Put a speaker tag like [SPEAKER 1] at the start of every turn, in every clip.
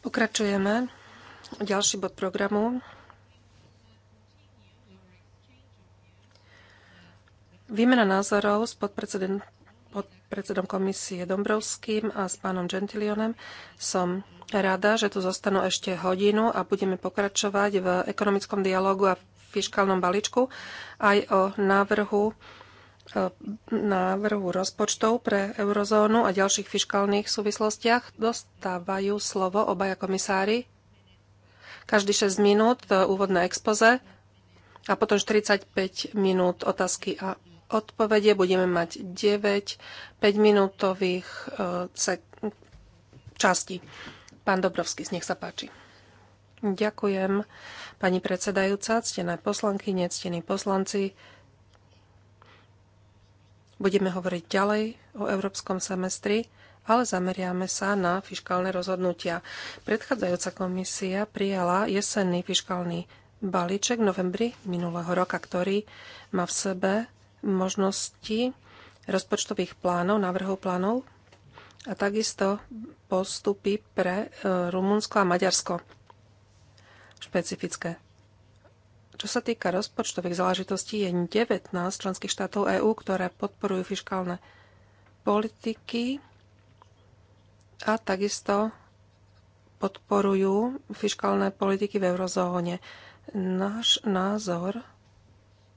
[SPEAKER 1] Pokračujeme. Ďalší bod programu. Výmena názorov s podpredsedom, komisie Dombrovským a s pánom Gentilionem. Som rada, že tu zostanú ešte hodinu a budeme pokračovať v ekonomickom dialogu a fiškálnom balíčku aj o návrhu návrhu rozpočtov pre eurozónu a ďalších fiškálnych súvislostiach dostávajú slovo obaja komisári. Každý 6 minút úvodné expoze a potom 45 minút otázky a odpovede. Budeme mať 9 5-minútových eh, častí. Pán Dobrovský, nech sa páči. Ďakujem, pani predsedajúca, ctené poslanky, nectení poslanci. Budeme hovoriť ďalej o európskom semestri, ale zameriame sa na fiškálne rozhodnutia. Predchádzajúca komisia prijala jesenný fiškálny balíček v novembri minulého roka, ktorý má v sebe možnosti rozpočtových plánov, návrhov plánov a takisto postupy pre e, Rumunsko a Maďarsko špecifické. Čo sa týka rozpočtových záležitostí, je 19 členských štátov EÚ, ktoré podporujú fiskálne politiky a takisto podporujú fiskálne politiky v eurozóne. Náš názor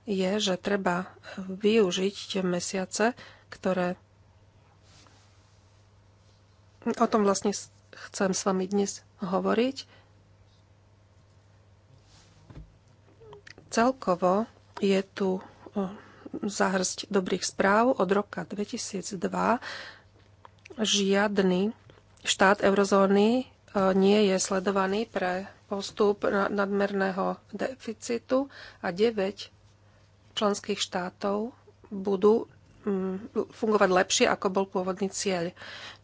[SPEAKER 1] je, že treba využiť tie mesiace, ktoré. O tom vlastne chcem s vami dnes hovoriť Celkovo je tu zahrsť dobrých správ. Od roka 2002 žiadny štát eurozóny nie je sledovaný pre postup nadmerného deficitu a 9 členských štátov budú fungovať lepšie, ako bol pôvodný cieľ.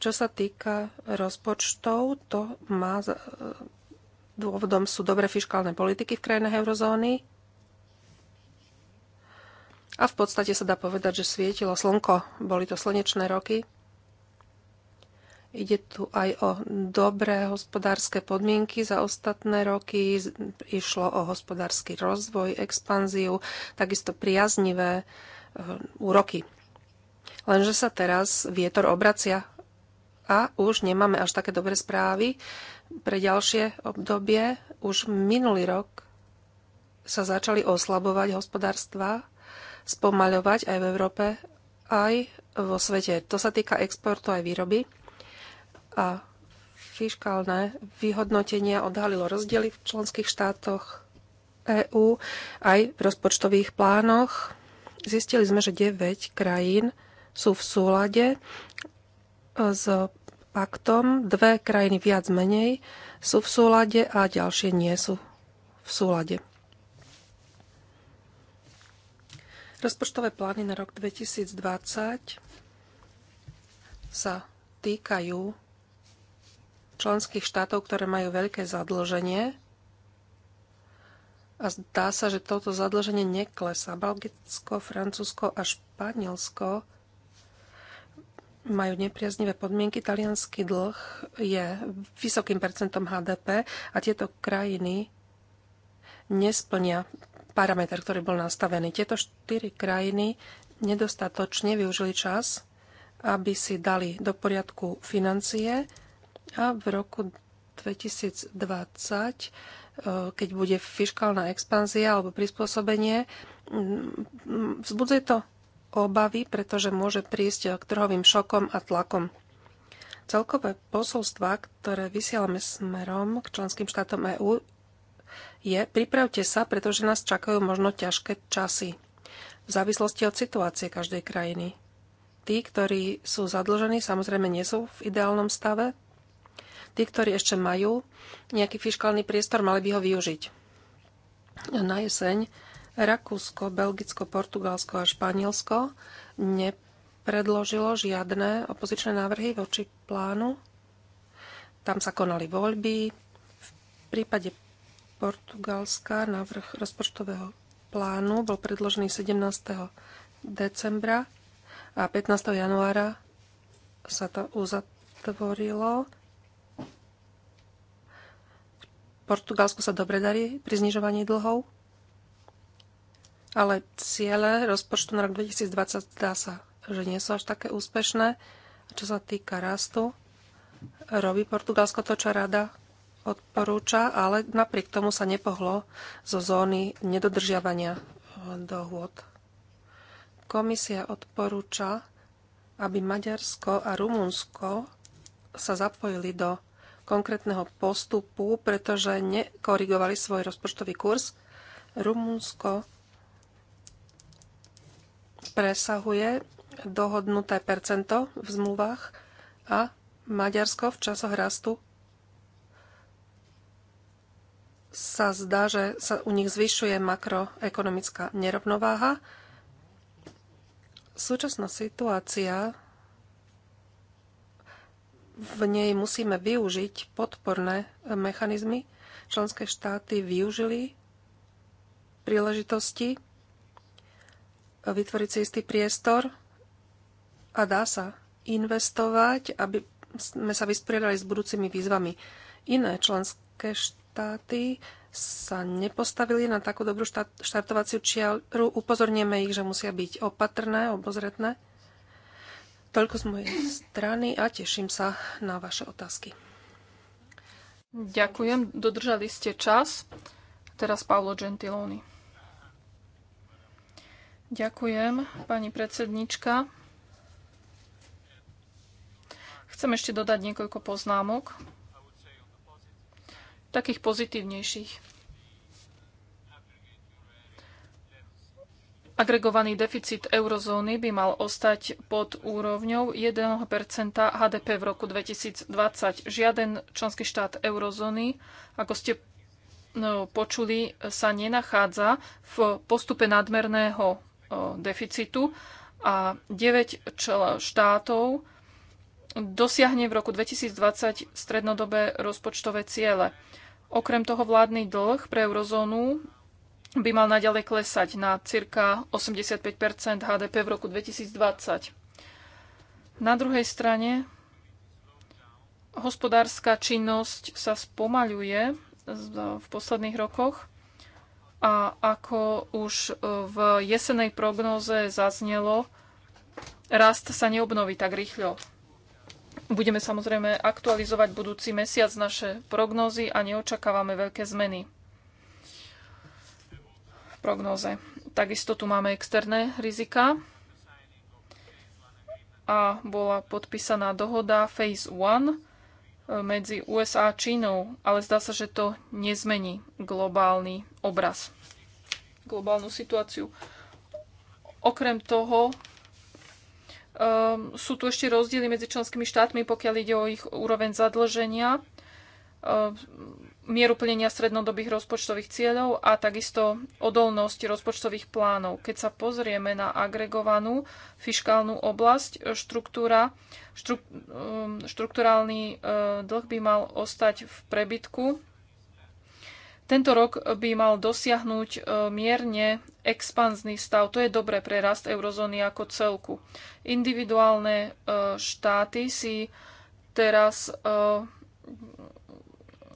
[SPEAKER 1] Čo sa týka rozpočtov, to má e, dôvodom sú dobré fiskálne politiky v krajinách eurozóny, a v podstate sa dá povedať, že svietilo slnko. Boli to slnečné roky. Ide tu aj o dobré hospodárske podmienky za ostatné roky. Išlo o hospodársky rozvoj, expanziu, takisto priaznivé eh, úroky. Lenže sa teraz vietor obracia a už nemáme až také dobré správy pre ďalšie obdobie. Už minulý rok sa začali oslabovať hospodárstva spomaľovať aj v Európe, aj vo svete. To sa týka exportu aj výroby. A fiškálne vyhodnotenia odhalilo rozdiely v členských štátoch EÚ aj v rozpočtových plánoch. Zistili sme, že 9 krajín sú v súlade e, s paktom, dve krajiny viac menej sú v súlade a ďalšie nie sú v súlade. Rozpočtové plány na rok 2020 sa týkajú členských štátov, ktoré majú veľké zadlženie. A zdá sa, že toto zadlženie neklesá. Belgicko, Francúzsko a Španielsko majú nepriaznivé podmienky. Talianský dlh je vysokým percentom HDP a tieto krajiny nesplnia parameter, ktorý bol nastavený. Tieto štyri krajiny nedostatočne využili čas, aby si dali do poriadku financie a v roku 2020, e, keď bude fiskálna expanzia alebo prispôsobenie, vzbudzuje to obavy, pretože môže prísť k trhovým šokom a tlakom. Celkové posolstva, ktoré vysielame smerom k členským štátom EÚ, je pripravte sa, pretože nás čakajú možno ťažké časy. V závislosti od situácie každej krajiny. Tí, ktorí sú zadlžení, samozrejme nie sú v ideálnom stave. Tí, ktorí ešte majú nejaký fiskálny priestor, mali by ho využiť. Na jeseň Rakúsko, Belgicko, Portugalsko a Španielsko nepredložilo žiadne opozičné návrhy voči plánu. Tam sa konali voľby. V prípade Portugalska. Návrh rozpočtového plánu bol predložený 17. decembra a 15. januára sa to uzatvorilo. V Portugalsku sa dobre darí pri znižovaní dlhov, ale ciele rozpočtu na rok 2020 dá sa, že nie sú až také úspešné. A čo sa týka rastu, robí Portugalsko to, čo rada odporúča, ale napriek tomu sa nepohlo zo zóny nedodržiavania eh, dohôd. Komisia odporúča, aby Maďarsko a Rumunsko sa zapojili do konkrétneho postupu, pretože nekorigovali svoj rozpočtový kurz. Rumunsko presahuje dohodnuté percento v zmluvách a Maďarsko v časoch rastu sa zdá, že sa u nich zvyšuje makroekonomická nerovnováha. Súčasná situácia v nej musíme využiť podporné mechanizmy. Členské štáty využili príležitosti vytvoriť si istý priestor a dá sa investovať, aby sme sa vysporiadali s budúcimi výzvami. Iné členské štáty štáty sa nepostavili na takú dobrú štartovaciu čiaru. Upozornieme ich, že musia byť opatrné, obozretné. Toľko z mojej strany a teším sa na vaše otázky.
[SPEAKER 2] Ďakujem, dodržali ste čas. Teraz Paolo Gentiloni. Ďakujem, pani predsednička. Chcem ešte dodať niekoľko poznámok takých pozitívnejších. Agregovaný deficit eurozóny by mal ostať pod úrovňou 1 HDP v roku 2020. Žiaden členský štát eurozóny, ako ste no, počuli, sa nenachádza v postupe nadmerného deficitu a 9 štátov dosiahne v roku 2020 strednodobé rozpočtové ciele. Okrem toho vládny dlh pre eurozónu by mal naďalej klesať na cirka 85 HDP v roku 2020. Na druhej strane hospodárska činnosť sa spomaľuje v posledných rokoch a ako už e, v jesenej prognóze zaznelo, rast sa neobnoví tak rýchlo. Budeme samozrejme aktualizovať budúci mesiac naše prognózy a neočakávame veľké zmeny v prognoze. Takisto tu máme externé rizika a bola podpísaná dohoda Phase 1 e, medzi USA a Čínou, ale zdá sa, že to nezmení globálny obraz, globálnu situáciu. Okrem toho Um, sú tu ešte rozdiely medzi členskými štátmi, pokiaľ ide o ich úroveň zadlženia, um, mieru plnenia strednodobých rozpočtových cieľov a takisto odolnosť rozpočtových plánov. Keď sa pozrieme na agregovanú fiškálnu oblasť, štruktúra, štru, um, štruktúrálny uh, dlh by mal ostať v prebytku tento rok by mal dosiahnuť e, mierne expanzný stav. To je dobré pre rast eurozóny ako celku. Individuálne e, štáty si teraz e,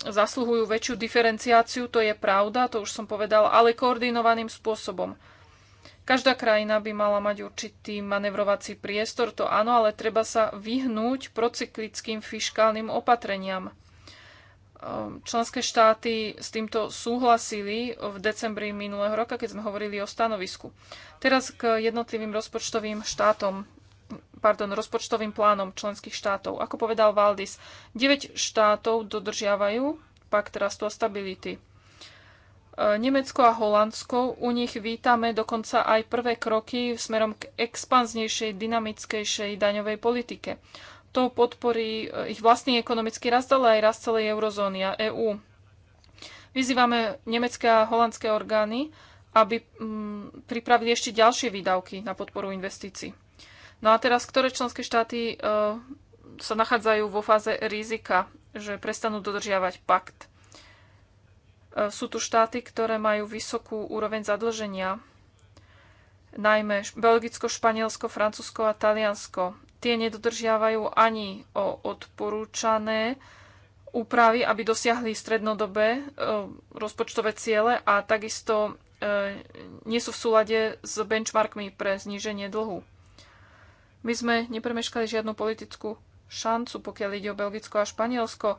[SPEAKER 2] zasluhujú väčšiu diferenciáciu, to je pravda, to už som povedal, ale koordinovaným spôsobom. Každá krajina by mala mať určitý manevrovací priestor, to áno, ale treba sa vyhnúť procyklickým fiškálnym opatreniam Ehm, členské štáty s týmto súhlasili v decembri minulého roka, keď sme hovorili o stanovisku. Teraz k jednotlivým rozpočtovým štátom pardon, rozpočtovým plánom členských štátov. Ako povedal Valdis, 9 štátov dodržiavajú pakt rastu a stability. Ehm, Nemecko a Holandsko, u nich vítame dokonca aj prvé kroky smerom k expanznejšej, dynamickejšej daňovej politike. To podporí eh, ich vlastný ekonomický rast, ale aj rast celej eurozóny a EÚ. EU. Vyzývame nemecké a holandské orgány, aby mm, pripravili ešte ďalšie výdavky na podporu investícií. No a teraz, ktoré členské štáty eh, sa nachádzajú vo fáze rizika, že prestanú dodržiavať pakt. Eh, sú tu štáty, ktoré majú vysokú úroveň zadlženia, najmä Belgicko, Španielsko, Francúzsko a Taliansko tie nedodržiavajú ani o odporúčané úpravy, aby dosiahli strednodobé e, rozpočtové ciele a takisto e, nie sú v súlade s benchmarkmi pre zníženie dlhu. My sme nepremeškali žiadnu politickú šancu, pokiaľ ide o Belgicko a Španielsko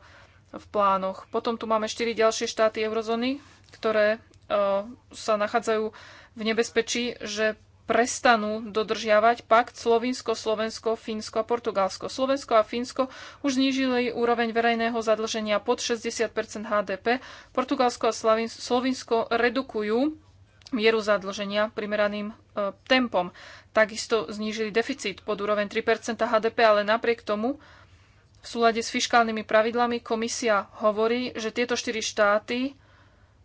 [SPEAKER 2] v plánoch. Potom tu máme štyri ďalšie štáty eurozóny, ktoré e, sa nachádzajú v nebezpečí, že prestanú dodržiavať pakt Slovinsko, Slovensko, Fínsko a Portugalsko. Slovensko a Fínsko už znížili úroveň verejného zadlženia pod 60 HDP. Portugalsko a Slovinsko redukujú mieru zadlženia primeraným e, tempom. Takisto znížili deficit pod úroveň 3 HDP, ale napriek tomu v súlade s fiškálnymi pravidlami komisia hovorí, že tieto štyri štáty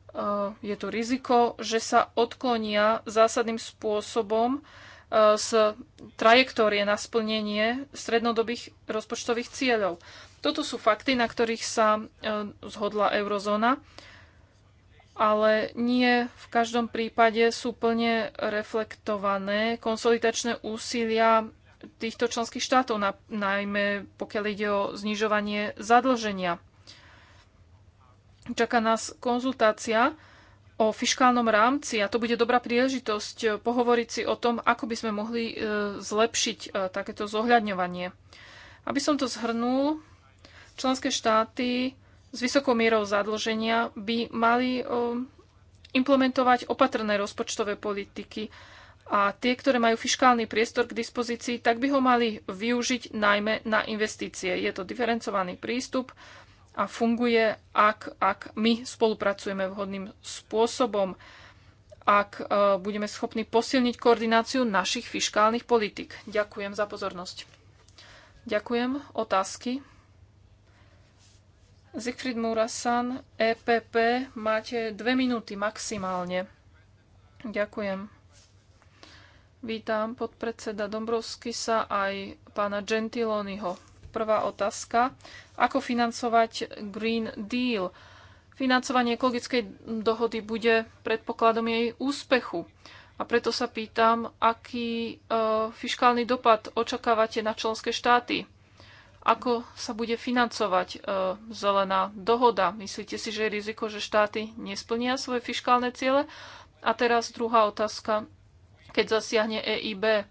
[SPEAKER 2] Eh, je tu riziko, že sa odklonia zásadným spôsobom eh, z trajektórie na splnenie strednodobých rozpočtových cieľov. Toto sú fakty, na ktorých sa eh, zhodla eurozóna, ale nie v každom prípade sú plne reflektované konsolidačné úsilia týchto členských štátov, najmä pokiaľ ide o znižovanie zadlženia. Čaká nás konzultácia o fiškálnom rámci a to bude dobrá príležitosť eh, pohovoriť si o tom, ako by sme mohli eh, zlepšiť eh, takéto zohľadňovanie. Aby som to zhrnul, členské štáty s vysokou mierou zadlženia by mali implementovať opatrné rozpočtové politiky a tie, ktoré majú fiškálny priestor k dispozícii, tak by ho mali využiť najmä na investície. Je to diferencovaný prístup, a funguje, ak, ak my spolupracujeme vhodným spôsobom, ak e, budeme schopní posilniť koordináciu našich fiškálnych politik. Ďakujem za pozornosť. Ďakujem. Otázky? Zigfried Murasan, EPP, máte dve minúty maximálne. Ďakujem. Vítam podpredseda Dombrovskisa aj pána Gentiloniho. Prvá otázka. Ako financovať Green Deal? Financovanie ekologickej dohody bude predpokladom jej úspechu. A preto sa pýtam, aký e, fiskálny dopad očakávate na členské štáty? Ako sa bude financovať e, zelená dohoda? Myslíte si, že je riziko, že štáty nesplnia svoje fiskálne ciele? A teraz druhá otázka. Keď zasiahne EIB,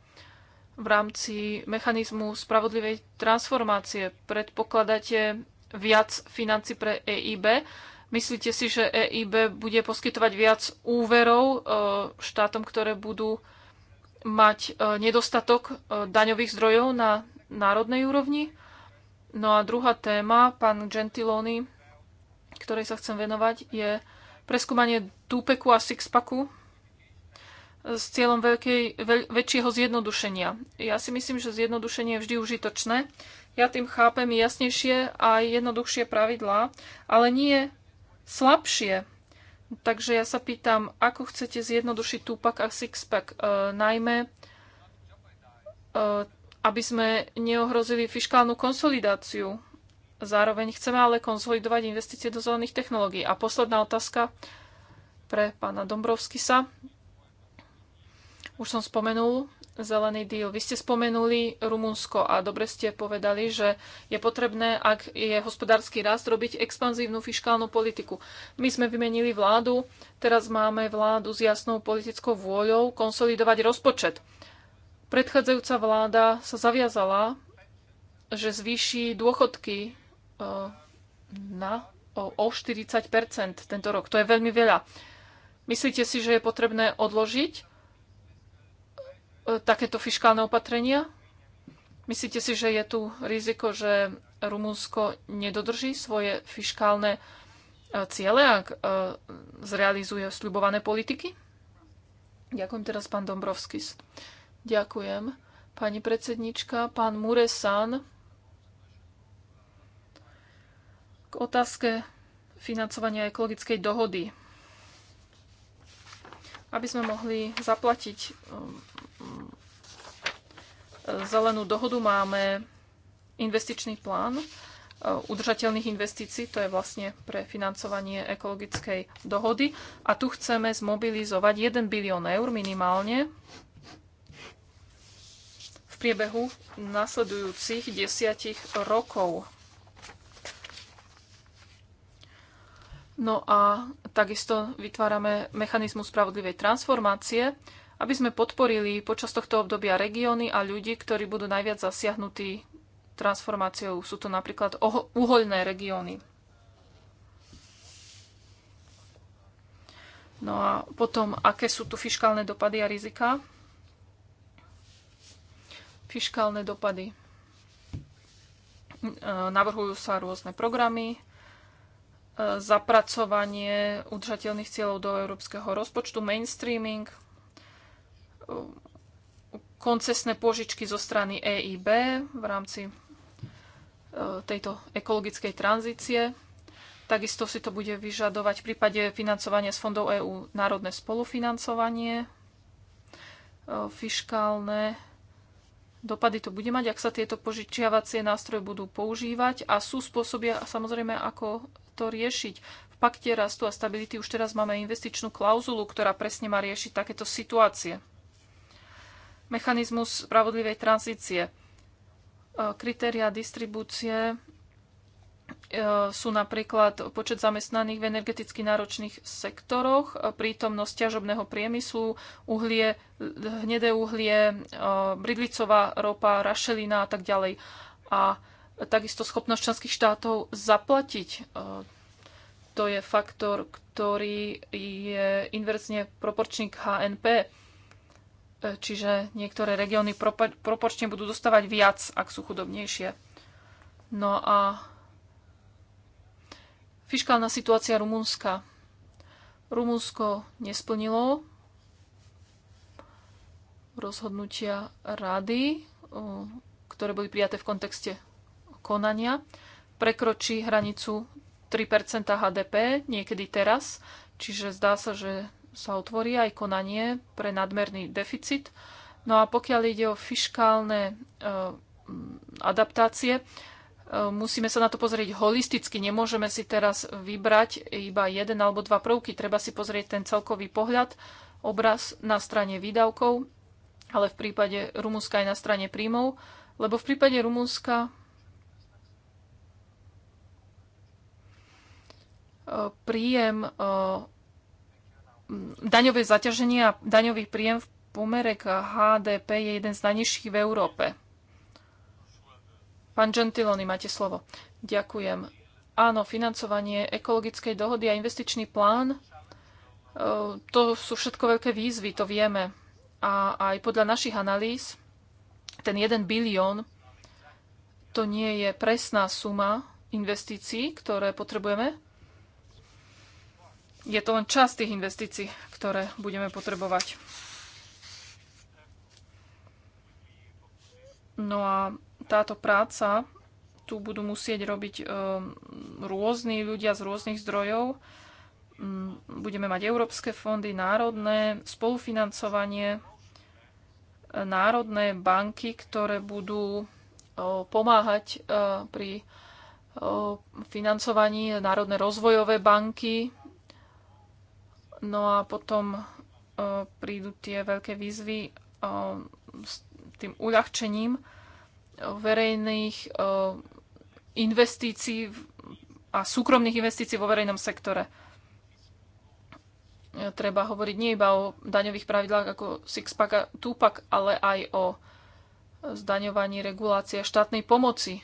[SPEAKER 2] v rámci mechanizmu spravodlivej transformácie. Predpokladáte viac financí pre EIB. Myslíte si, že EIB bude poskytovať viac úverov e, štátom, ktoré budú mať e, nedostatok e, daňových zdrojov na národnej úrovni? No a druhá téma, pán Gentiloni, ktorej sa chcem venovať, je preskúmanie Dupeku a Sixpaku s cieľom veľkej, veľ, väčšieho zjednodušenia. Ja si myslím, že zjednodušenie je vždy užitočné. Ja tým chápem jasnejšie a jednoduchšie pravidlá, ale nie slabšie. Takže ja sa pýtam, ako chcete zjednodušiť túpak a Sixpack, e, najmä e, aby sme neohrozili fiskálnu konsolidáciu. Zároveň chceme ale konsolidovať investície do zelených technológií. A posledná otázka pre pána Dombrovskisa. Už som spomenul zelený díl. Vy ste spomenuli Rumunsko a dobre ste povedali, že je potrebné, ak je hospodársky rast, robiť expanzívnu fiskálnu politiku. My sme vymenili vládu, teraz máme vládu s jasnou politickou vôľou konsolidovať rozpočet. Predchádzajúca vláda sa zaviazala, že zvýši dôchodky eh, na o 40 tento rok. To je veľmi veľa. Myslíte si, že je potrebné odložiť takéto fiskálne opatrenia? Myslíte si, že je tu riziko, že Rumunsko nedodrží svoje fiskálne e, ciele, ak e, zrealizuje sľubované politiky? Ďakujem teraz, pán Dombrovskis. Ďakujem. Pani predsednička, pán Muresan, k otázke financovania ekologickej dohody. Aby sme mohli zaplatiť zelenú dohodu máme investičný plán e, udržateľných investícií, to je vlastne pre financovanie ekologickej dohody. A tu chceme zmobilizovať 1 bilión eur minimálne v priebehu nasledujúcich desiatich rokov. No a takisto vytvárame mechanizmus spravodlivej transformácie, aby sme podporili počas tohto obdobia regióny a ľudí, ktorí budú najviac zasiahnutí transformáciou. Sú to napríklad uhoľné regióny. No a potom, aké sú tu fiškálne dopady a rizika? Fiškálne dopady. E, navrhujú sa rôzne programy, e, zapracovanie udržateľných cieľov do európskeho rozpočtu, mainstreaming, koncesné požičky zo strany EIB v rámci e, tejto ekologickej tranzície. Takisto si to bude vyžadovať v prípade financovania z fondov EÚ národné spolufinancovanie, e, fiškálne dopady to bude mať, ak sa tieto požičiavacie nástroje budú používať a sú spôsoby samozrejme, ako to riešiť. V pakte rastu a stability už teraz máme investičnú klauzulu, ktorá presne má riešiť takéto situácie mechanizmus spravodlivej tranzície. E, kritéria distribúcie e, sú napríklad počet zamestnaných v energeticky náročných sektoroch, e, prítomnosť ťažobného priemyslu, uhlie, hnedé uhlie, bridlicová ropa, rašelina a tak ďalej. A takisto schopnosť členských štátov zaplatiť. To je faktor, ktorý je inverzne proporčný k HNP. E, čiže niektoré regióny proporčne budú dostávať viac, ak sú chudobnejšie. No a fiskálna situácia Rumunska. Rumunsko nesplnilo rozhodnutia rady, ktoré boli prijaté v kontexte konania. Prekročí hranicu 3 HDP niekedy teraz, čiže zdá sa, že sa otvorí aj konanie pre nadmerný deficit. No a pokiaľ ide o fiškálne e, adaptácie, e, musíme sa na to pozrieť holisticky. Nemôžeme si teraz vybrať iba jeden alebo dva prvky. Treba si pozrieť ten celkový pohľad, obraz na strane výdavkov, ale v prípade Rumúnska aj na strane príjmov, lebo v prípade Rumúnska e, príjem daňové zaťaženie a daňový príjem v pomere k HDP je jeden z najnižších v Európe. Pán Gentiloni, máte slovo. Ďakujem. Áno, financovanie ekologickej dohody a investičný plán, e, to sú všetko veľké výzvy, to vieme. A aj podľa našich analýz, ten 1 bilión, to nie je presná suma investícií, ktoré potrebujeme, je to len časť tých investícií, ktoré budeme potrebovať. No a táto práca tu budú musieť robiť eh, rôzni ľudia z rôznych zdrojov. Mm, budeme mať európske fondy, národné, spolufinancovanie, eh, národné banky, ktoré budú eh, pomáhať pri financovaní, národné rozvojové banky, No a potom e, prídu tie veľké výzvy e, s tým uľahčením e, verejných investícií a súkromných investícií vo verejnom sektore. Treba hovoriť nie iba o daňových pravidlách ako Sixpack a Tupac, ale aj o zdaňovaní regulácie štátnej pomoci.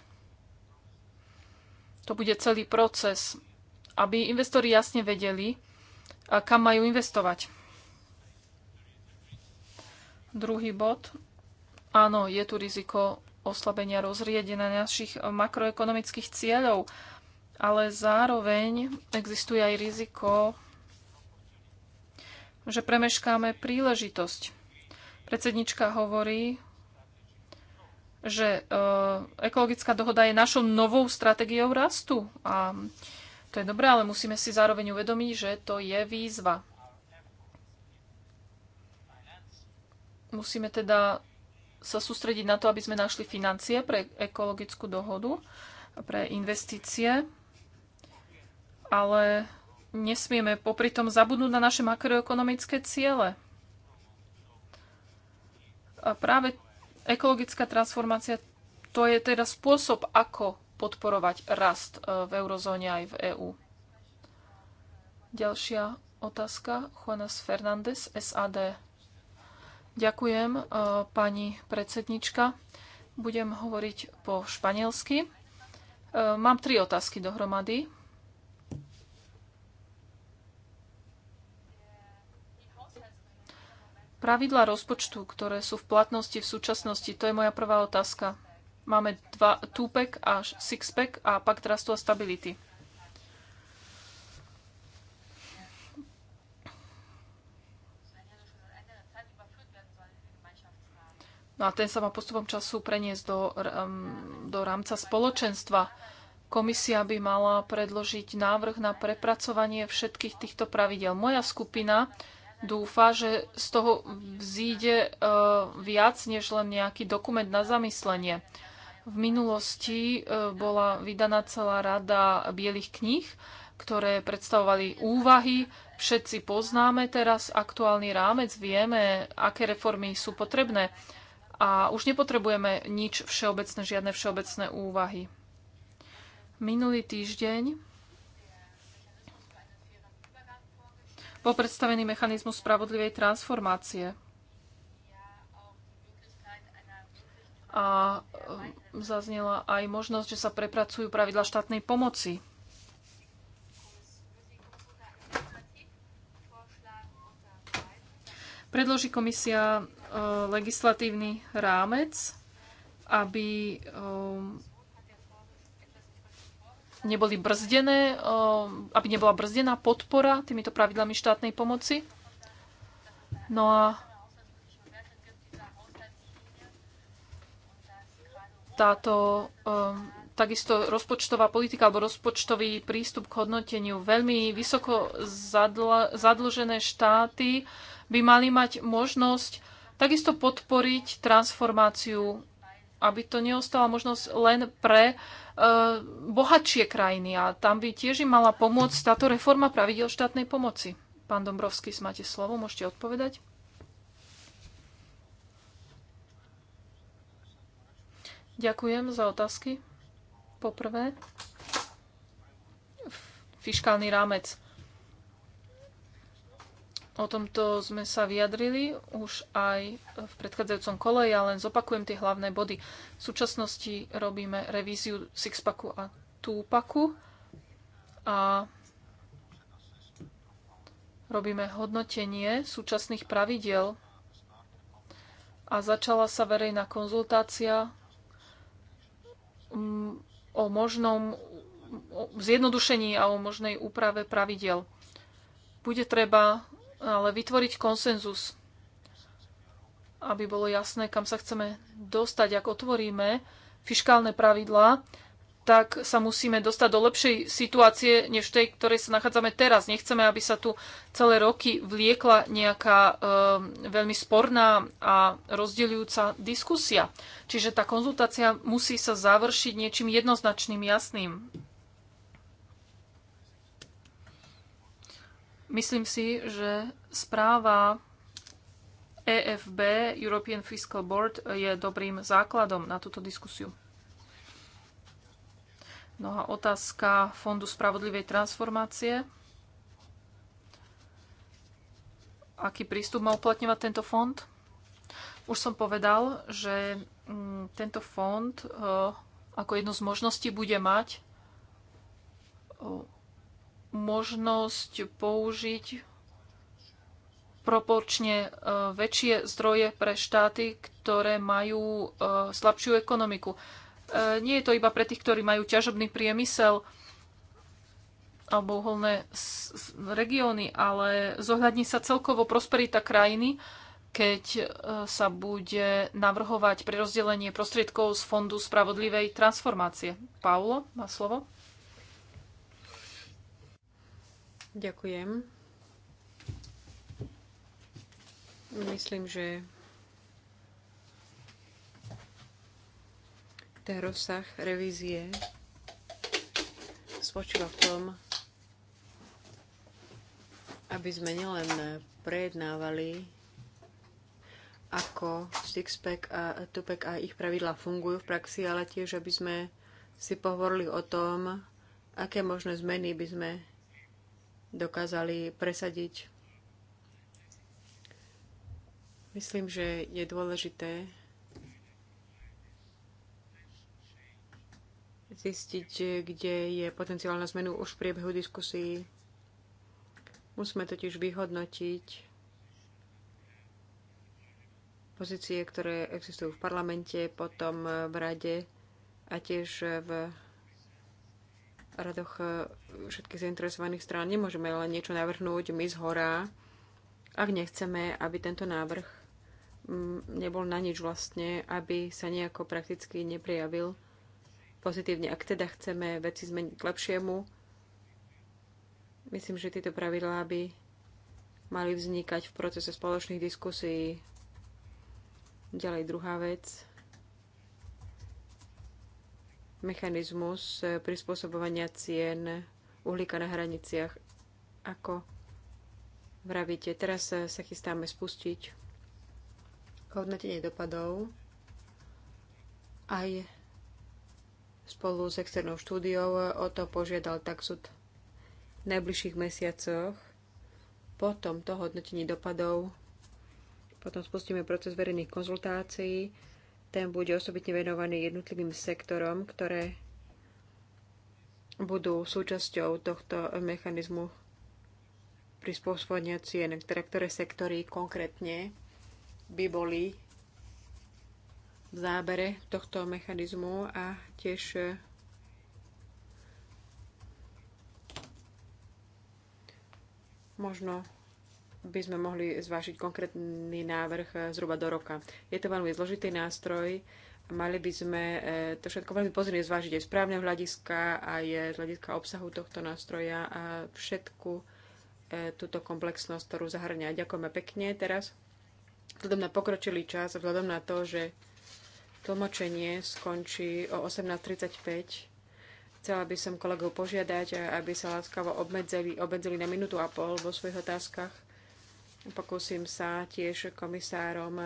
[SPEAKER 2] To bude celý proces, aby investori jasne vedeli, kam majú investovať. Druhý bod. Áno, je tu riziko oslabenia rozriedenia našich makroekonomických cieľov, ale zároveň existuje aj riziko, že premeškáme príležitosť. Predsednička hovorí, že e, ekologická dohoda je našou novou stratégiou rastu a to je dobré, ale musíme si zároveň uvedomiť, že to je výzva. Musíme teda sa sústrediť na to, aby sme našli financie pre ekologickú dohodu, pre investície, ale nesmieme popri tom zabudnúť na naše makroekonomické ciele. A práve ekologická transformácia to je teda spôsob, ako podporovať rast e, v eurozóne aj v EÚ. Ďalšia otázka. Juanas Fernández, SAD. Ďakujem, e, pani predsednička. Budem hovoriť po španielsky. E, mám tri otázky dohromady. Pravidla rozpočtu, ktoré sú v platnosti v súčasnosti, to je moja prvá otázka. Máme dva, two-pack a six-pack a pak rastu a stability. No a ten sa má postupom času preniesť do, um, do rámca spoločenstva. Komisia by mala predložiť návrh na prepracovanie všetkých týchto pravidel. Moja skupina dúfa, že z toho vzíde uh, viac než len nejaký dokument na zamyslenie. V minulosti e, bola vydaná celá rada bielých kníh, ktoré predstavovali úvahy. Všetci poznáme teraz aktuálny rámec, vieme, aké reformy sú potrebné a už nepotrebujeme nič všeobecné, žiadne všeobecné úvahy. Minulý týždeň bol predstavený mechanizmus spravodlivej transformácie. a um, zaznela aj možnosť, že sa prepracujú pravidla štátnej pomoci. Predloží komisia uh, legislatívny rámec, aby um, neboli brzdené, um, aby nebola brzdená podpora týmito pravidlami štátnej pomoci. No a táto um, takisto rozpočtová politika alebo rozpočtový prístup k hodnoteniu. Veľmi vysoko zadl- zadlžené štáty by mali mať možnosť takisto podporiť transformáciu, aby to neostala možnosť len pre uh, bohatšie krajiny. A tam by tiež im mala pomôcť táto reforma pravidel štátnej pomoci. Pán Dombrovský, máte slovo, môžete odpovedať. Ďakujem za otázky. Poprvé, fiškálny rámec. O tomto sme sa vyjadrili už aj v predchádzajúcom kole, ja len zopakujem tie hlavné body. V súčasnosti robíme revíziu Sixpacku a Tupaku a robíme hodnotenie súčasných pravidiel a začala sa verejná konzultácia Mm, o možnom zjednodušení a o možnej úprave pravidel. Bude treba ale vytvoriť konsenzus, aby bolo jasné, kam sa chceme dostať, ak otvoríme fiškálne pravidlá, tak sa musíme dostať do lepšej situácie, než tej, ktorej sa nachádzame teraz. Nechceme, aby sa tu celé roky vliekla nejaká e, veľmi sporná a rozdeľujúca diskusia. Čiže tá konzultácia musí sa završiť niečím jednoznačným, jasným. Myslím si, že správa EFB, European Fiscal Board, je dobrým základom na túto diskusiu. No a otázka Fondu spravodlivej transformácie. Aký prístup má uplatňovať tento fond? Už som povedal, že mm, tento fond e, ako jednu z možností bude mať e, možnosť použiť proporčne e, väčšie zdroje pre štáty, ktoré majú slabšiu ekonomiku. E, nie je to iba pre tých, ktorí majú ťažobný priemysel alebo uholné regióny, ale zohľadní sa celkovo prosperita krajiny, keď e, sa bude navrhovať prerozdelenie prostriedkov z Fondu spravodlivej transformácie. Paulo, má slovo. Ďakujem. Myslím, že
[SPEAKER 3] Ten rozsah revízie spočíva v tom, aby sme nielen prejednávali, ako Sixpack a Tupac a ich pravidlá fungujú v praxi, ale tiež, aby sme si pohovorili o tom, aké možné zmeny by sme dokázali presadiť. Myslím, že je dôležité zistiť, e, kde je potenciál na zmenu už v priebehu diskusí. Musíme totiž vyhodnotiť pozície, ktoré existujú v parlamente, potom v rade a tiež v radoch všetkých zainteresovaných strán. Nemôžeme len niečo navrhnúť my z hora, ak nechceme, aby tento návrh mm, nebol na nič vlastne, aby sa nejako prakticky neprijavil pozitívne. Ak teda chceme veci zmeniť k lepšiemu, myslím, že tieto pravidlá by mali vznikať v procese spoločných diskusí. Ďalej druhá vec. Mechanizmus prispôsobovania cien uhlíka na hraniciach. Ako vravíte, teraz sa chystáme spustiť hodnotenie dopadov aj Spolu s externou štúdiou o to požiadal taxud v najbližších mesiacoch. Po tomto hodnotení dopadov potom spustíme proces verejných konzultácií. Ten bude osobitne venovaný jednotlivým sektorom, ktoré budú súčasťou tohto mechanizmu prispôsobenia cien, teda ktoré sektory konkrétne by boli v zábere tohto mechanizmu a tiež e, možno by sme mohli zvážiť konkrétny návrh e, zhruba do roka. Je to veľmi zložitý nástroj, mali by sme e, to všetko veľmi pozrieť, zvážiť aj správne hľadiska, aj z hľadiska obsahu tohto nástroja a všetku túto komplexnosť, ktorú zahrňa. Ďakujeme pekne teraz. Vzhľadom na pokročilý čas, vzhľadom na to, že Tlmočenie skončí o 18.35. Chcela by som kolegov požiadať, aby sa láskavo obmedzili, obmedzili na minútu a pol vo svojich otázkach. Pokúsim sa tiež komisárom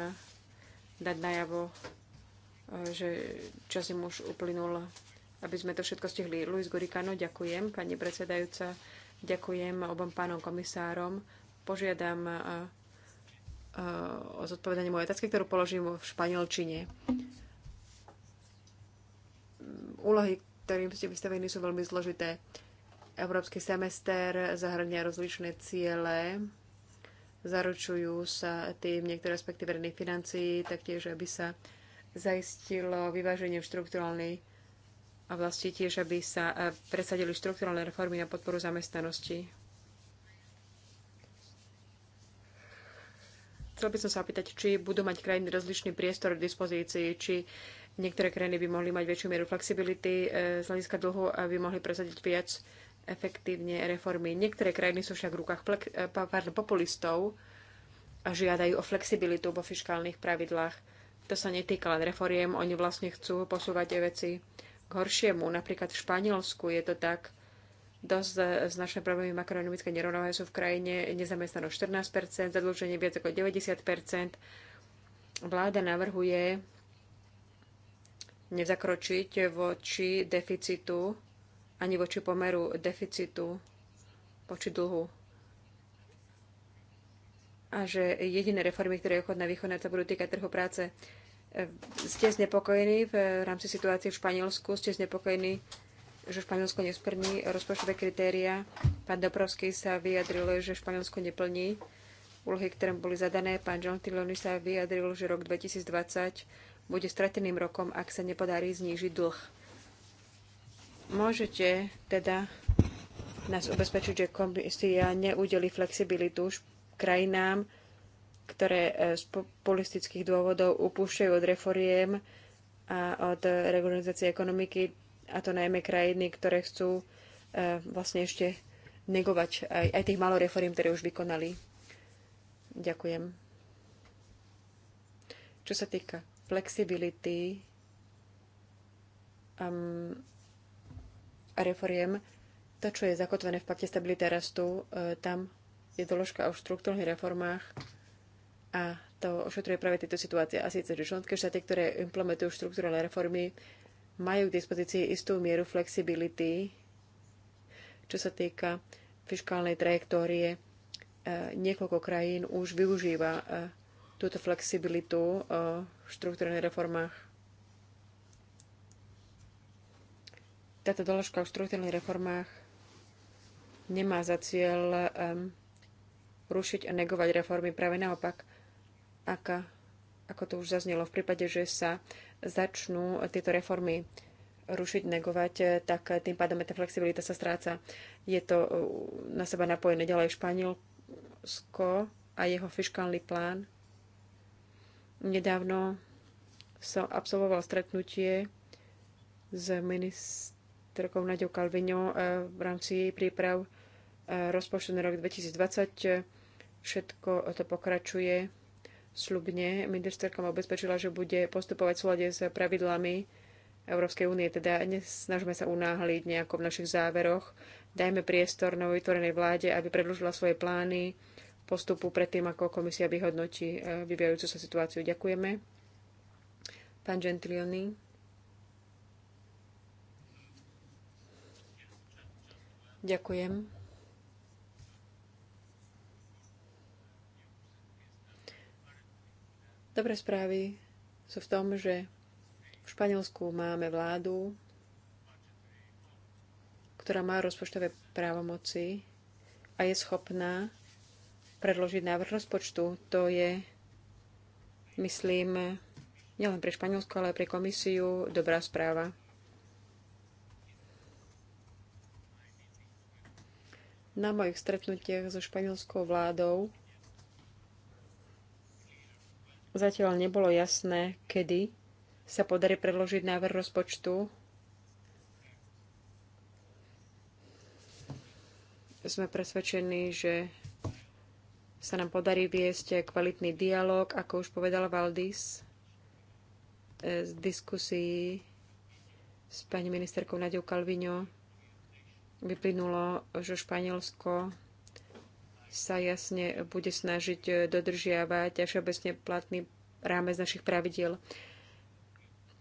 [SPEAKER 3] dať najavo, že čas im už uplynul, aby sme to všetko stihli. Luis Gurikano, ďakujem, pani predsedajúca, ďakujem obom pánom komisárom. Požiadam o zodpovedanie mojej otázky, ktorú položím v španielčine. Úlohy, ktorým ste vystavení, sú veľmi zložité. Európsky semester zahrania rozličné ciele, zaručujú sa tým niektoré aspekty verejných financií, taktiež, aby sa zaistilo vyváženie v štruktúralnej vlastne tiež, aby sa eh, presadili štruktúralne reformy na podporu zamestnanosti. Chcel by som sa opýtať, či budú mať krajiny rozličný priestor k dispozícii, či Niektoré krajiny by mohli mať väčšiu mieru flexibility e, z hľadiska dlhu, aby mohli presadiť viac efektívne reformy. Niektoré krajiny sú však v rukách e, pardon, populistov a žiadajú o flexibilitu vo fiskálnych pravidlách. To sa netýka len reforiem, oni vlastne chcú posúvať veci k horšiemu. Napríklad v Španielsku je to tak, dosť e, značné problémy makroekonomické nerovnováhy sú v krajine, nezamestnanosť 14%, zadlženie viac ako 90%. Vláda navrhuje nezakročiť voči deficitu ani voči pomeru deficitu voči dlhu. A že jediné reformy, ktoré je ochotné východné sa budú týkať trhu práce. Ste znepokojení v rámci situácie v Španielsku? Ste znepokojení, že Španielsko nesplní rozpočtové kritéria? Pán Dobrovský sa vyjadril, že Španielsko neplní úlohy, ktoré boli zadané. Pán John Tiloni sa vyjadril, že rok 2020 bude strateným rokom, ak sa nepodarí znížiť dlh. Môžete teda nás ubezpečiť, že komisia neudeli flexibilitu krajinám, ktoré e, z populistických dôvodov upúšťajú od reforiem a od regularizácie ekonomiky, a to najmä krajiny, ktoré chcú e, vlastne ešte negovať aj, aj tých malo reforiem, ktoré už vykonali. Ďakujem. Čo sa týka flexibility um, a reforiem, to, čo je zakotvené v pakte stability a rastu, e, tam je doložka o štruktúrnych reformách a to ošetruje práve tieto situácie. A síce, že členské štáty, ktoré implementujú štruktúrne reformy, majú k dispozícii istú mieru flexibility, čo sa týka fiskálnej trajektórie. E, niekoľko krajín už využíva e, túto flexibilitu štruktúrnych reformách. Táto doložka o štruktúrnych reformách nemá za cieľ um, rušiť a negovať reformy. Práve naopak, aká, ako to už zaznelo, v prípade, že sa začnú tieto reformy rušiť, negovať, tak tým pádom tá flexibilita sa stráca. Je to uh, na seba napojené ďalej Španielsko a jeho fiskálny plán Nedávno som absolvoval stretnutie s ministerkou Naďou Kalviňou eh, v rámci jej príprav eh, rozpočtu na rok 2020. Všetko to pokračuje slubne. Ministerka ma obezpečila, že bude postupovať v súlade s pravidlami Európskej únie, teda nesnažme sa unáhliť nejako v našich záveroch. Dajme priestor na vytvorenej vláde, aby predložila svoje plány, postupu predtým, ako komisia vyhodnotí e, vyvíjajúcu sa situáciu. Ďakujeme. Pán Gentilioni. Ďakujem. Dobré správy sú v tom, že v Španielsku máme vládu, ktorá má rozpočtové právomoci a je schopná predložiť návrh rozpočtu. To je, myslím, nielen pre Španielsko, ale aj pre komisiu dobrá správa. Na mojich stretnutiach so španielskou vládou zatiaľ nebolo jasné, kedy sa podarí predložiť návrh rozpočtu sme presvedčení, že sa nám podarí viesť kvalitný dialog, ako už povedal Valdis e, z diskusii s pani ministerkou Nadiou Kalviňou vyplynulo, že Španielsko sa jasne bude snažiť dodržiavať a všeobecne platný rámec našich pravidiel.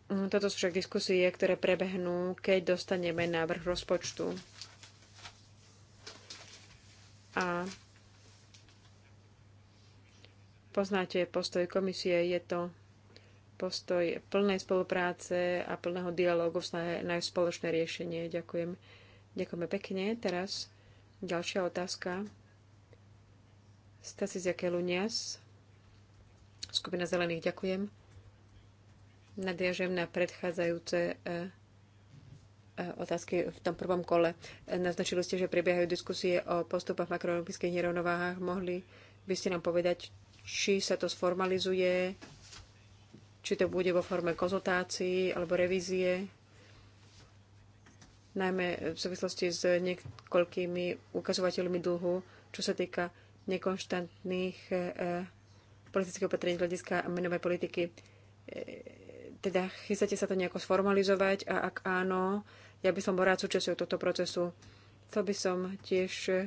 [SPEAKER 3] Toto sú však diskusie, ktoré prebehnú, keď dostaneme návrh rozpočtu. A Poznáte postoj komisie, je to postoj plnej spolupráce a plného dialógu na na spoločné riešenie. Ďakujem. Ďakujeme pekne. Teraz ďalšia otázka. Stasi Lunias, skupina zelených, ďakujem. Nadviažem na predchádzajúce e, e, otázky v tom prvom kole. Naznačili ste, že prebiehajú diskusie o postupoch v makroekonomických nerovnováhach. Mohli by ste nám povedať, či sa to sformalizuje, či to bude vo forme konzultácií alebo revízie, najmä v súvislosti s niekoľkými ukazovateľmi dlhu, čo sa týka nekonštantných e, politických opatrení hľadiska menovej politiky. E, teda chystáte sa to nejako sformalizovať a ak áno, ja by som bol rád súčasťou tohto procesu. Chcel by som tiež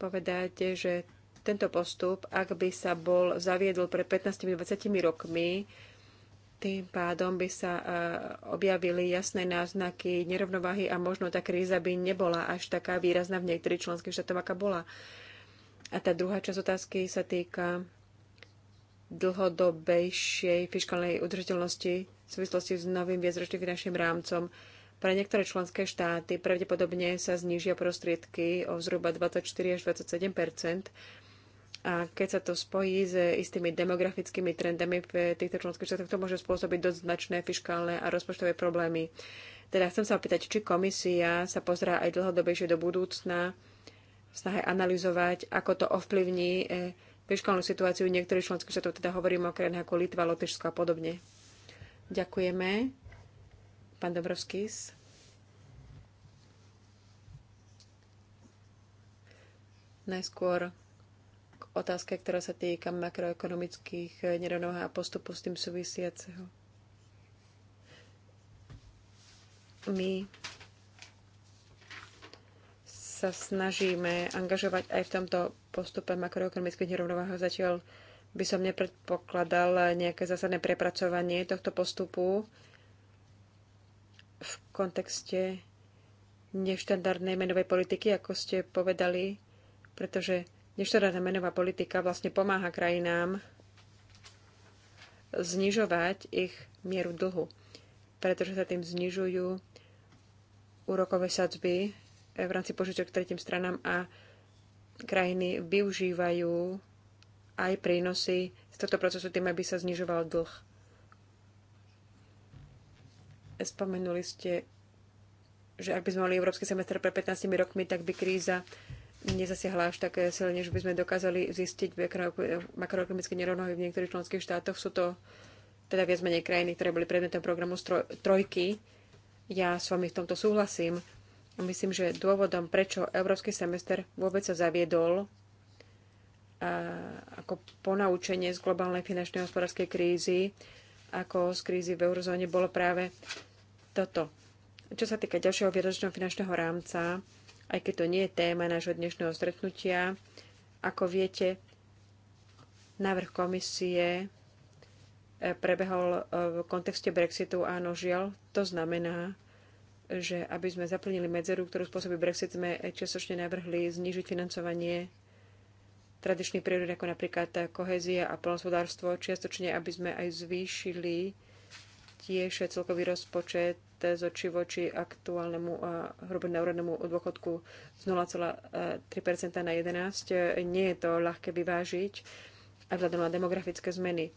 [SPEAKER 3] povedať, že tento postup, ak by sa bol zaviedol pred 15-20 rokmi, tým pádom by sa e, objavili jasné náznaky nerovnováhy a možno tá kríza by nebola až taká výrazná v niektorých členských štátoch, aká bola. A tá druhá časť otázky sa týka dlhodobejšej fiskálnej udržiteľnosti v súvislosti s novým viacročným finančným rámcom. Pre niektoré členské štáty pravdepodobne sa znížia prostriedky o zhruba 24 až 27 a keď sa to spojí s istými demografickými trendami v týchto členských štátoch, to môže spôsobiť dosť značné fiskálne a rozpočtové problémy. Teda chcem sa opýtať, či komisia sa pozrá aj dlhodobejšie do budúcna v snahe analyzovať, ako to ovplyvní e, fiskálnu situáciu niektorých členských štátov, teda hovorím o krajinách ako Litva, Lotyšsko a podobne. Ďakujeme. Pán Dobrovskis. Najskôr Otázka, ktorá sa týka makroekonomických eh, nerovnováh a postupu s tým súvisiaceho. My sa snažíme angažovať aj v tomto postupe makroekonomických nerovnováh. Zatiaľ by som nepredpokladal nejaké zásadné prepracovanie tohto postupu v kontexte neštandardnej menovej politiky, ako ste povedali, pretože Neštoradná menová politika vlastne pomáha krajinám znižovať ich mieru dlhu, pretože sa tým znižujú úrokové sadzby eh, v rámci požičok tretím stranám a krajiny využívajú aj prínosy z tohto procesu tým, aby sa znižoval dlh. Spomenuli ste, že ak by sme mali európsky semester pre 15 rokmi, tak by kríza nezasiahla až tak silne, že by sme dokázali zistiť makroekonomické nerovnohy v niektorých členských štátoch. Sú to teda viac menej krajiny, ktoré boli predmetom programu stroj, trojky. Ja s vami v tomto súhlasím. Myslím, že dôvodom, prečo európsky semester vôbec sa zaviedol ako ponaučenie z globálnej finančnej a hospodárskej krízy, ako z krízy v eurozóne, bolo práve toto. Čo sa týka ďalšieho výročného finančného rámca, aj keď to nie je téma nášho dnešného stretnutia. Ako viete, návrh komisie e, prebehol e, v kontexte Brexitu. Áno, žiaľ, to znamená, že aby sme zaplnili medzeru, ktorú spôsobí Brexit, sme čiastočne navrhli znižiť financovanie tradičných prírod, ako napríklad kohézia a plnospodárstvo, čiastočne, aby sme aj zvýšili tiež celkový rozpočet z oči voči aktuálnemu hrubodnárodnému dôchodku z 0,3% na 11%. Nie je to ľahké vyvážiť aj vzhľadom na demografické zmeny.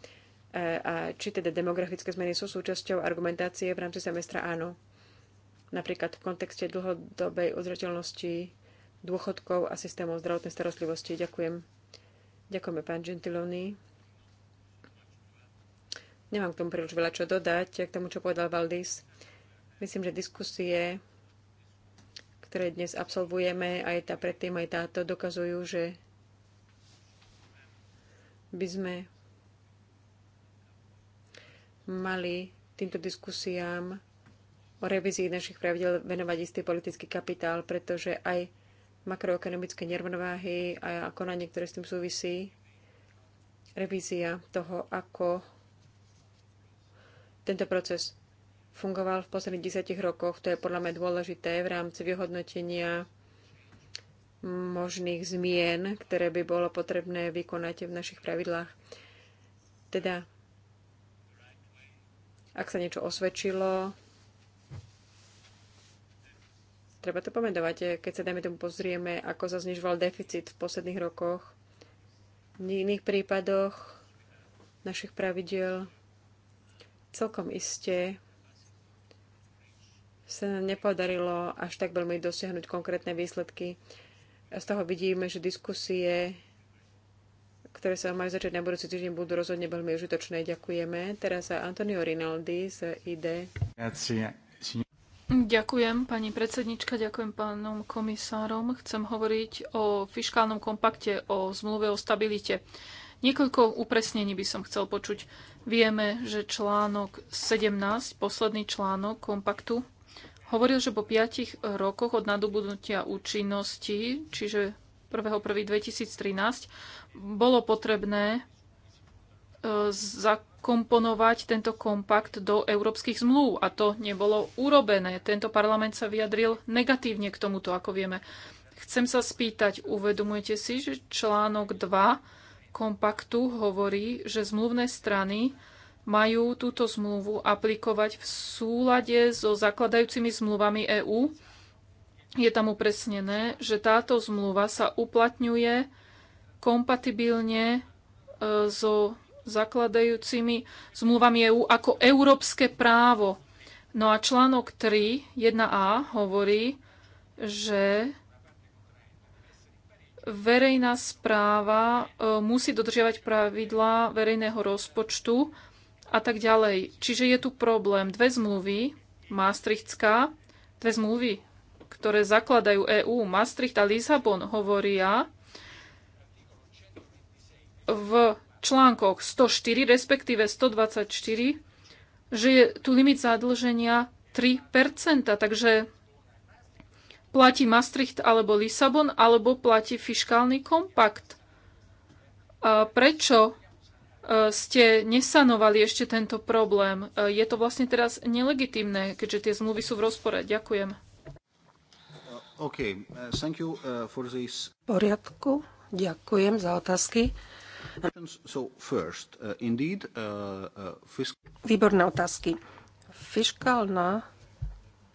[SPEAKER 3] E, a či teda demografické zmeny sú súčasťou argumentácie v rámci semestra? Áno. Napríklad v kontexte dlhodobej uzrateľnosti dôchodkov a systémov zdravotnej starostlivosti. Ďakujem. Ďakujeme, pán Gentiloni. Nemám k tomu príliš veľa čo dodať, k tomu, čo povedal Valdis. Myslím, že diskusie, ktoré dnes absolvujeme, aj tá predtým, aj táto, dokazujú, že by sme mali týmto diskusiám o revízii našich pravidel venovať istý politický kapitál, pretože aj makroekonomické nerovnováhy a konanie, ktoré s tým súvisí, revízia toho, ako tento proces fungoval v posledných desiatich rokoch. To je podľa mňa dôležité v rámci vyhodnotenia možných zmien, ktoré by bolo potrebné vykonať v našich pravidlách. Teda, ak sa niečo osvedčilo, treba to pomenovať. Keď sa, dajme tomu, pozrieme, ako sa znižoval deficit v posledných rokoch, v iných prípadoch našich pravidel, celkom isté sa nám nepodarilo až tak veľmi dosiahnuť konkrétne výsledky. Z toho vidíme, že diskusie, ktoré sa majú začať na budúci týždeň, budú rozhodne veľmi užitočné.
[SPEAKER 2] Ďakujeme. Teraz Antonio Rinaldi z ID. Ďakujem, pani predsednička, ďakujem pánom komisárom. Chcem hovoriť o fiskálnom kompakte, o zmluve o stabilite. Niekoľko upresnení by som chcel počuť. Vieme, že článok 17, posledný článok kompaktu, hovoril, že po 5 rokoch od nadobudnutia účinnosti, čiže 1.1.2013, bolo potrebné e, zakomponovať tento kompakt do európskych zmluv a to nebolo urobené. Tento parlament sa vyjadril negatívne k tomuto, ako vieme. Chcem sa spýtať, uvedomujete si, že článok 2 kompaktu hovorí, že zmluvné strany majú túto zmluvu aplikovať v súlade so zakladajúcimi zmluvami EÚ. Je tam upresnené, že táto zmluva sa uplatňuje kompatibilne e, so zakladajúcimi zmluvami EÚ ako európske právo. No a článok 3, 1a hovorí, že verejná správa e, musí dodržiavať pravidlá verejného rozpočtu, a tak ďalej. Čiže je tu problém. Dve zmluvy, Maastrichtská, dve zmluvy, ktoré zakladajú EÚ, Maastricht a Lisabon, hovoria v článkoch 104, respektíve 124, že je tu limit zadlženia 3 takže platí Maastricht alebo Lisabon, alebo platí fiškálny kompakt. A prečo Eh, ste nesanovali ešte tento problém. Eh, je to vlastne teraz nelegitimné, keďže tie zmluvy sú v rozpore. Ďakujem. Eh,
[SPEAKER 4] okay. Thank you for this.
[SPEAKER 2] Poriadku.
[SPEAKER 1] Ďakujem za otázky.
[SPEAKER 4] So first, indeed, uh, uh,
[SPEAKER 1] Výborné otázky. Fiskálna